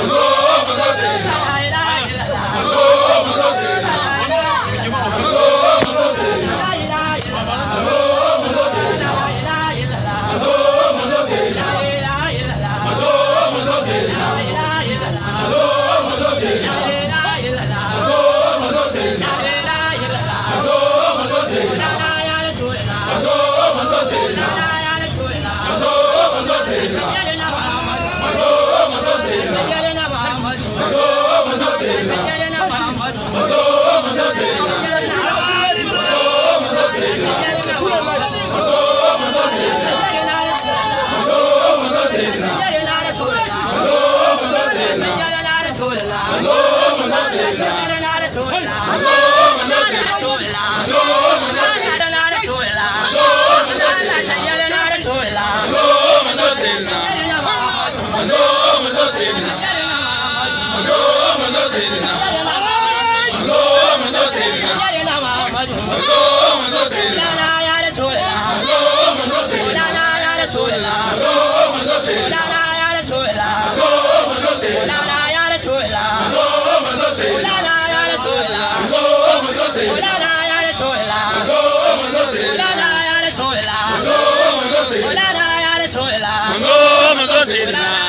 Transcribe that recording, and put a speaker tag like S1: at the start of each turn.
S1: Allah
S2: Let's go! Roosevelt.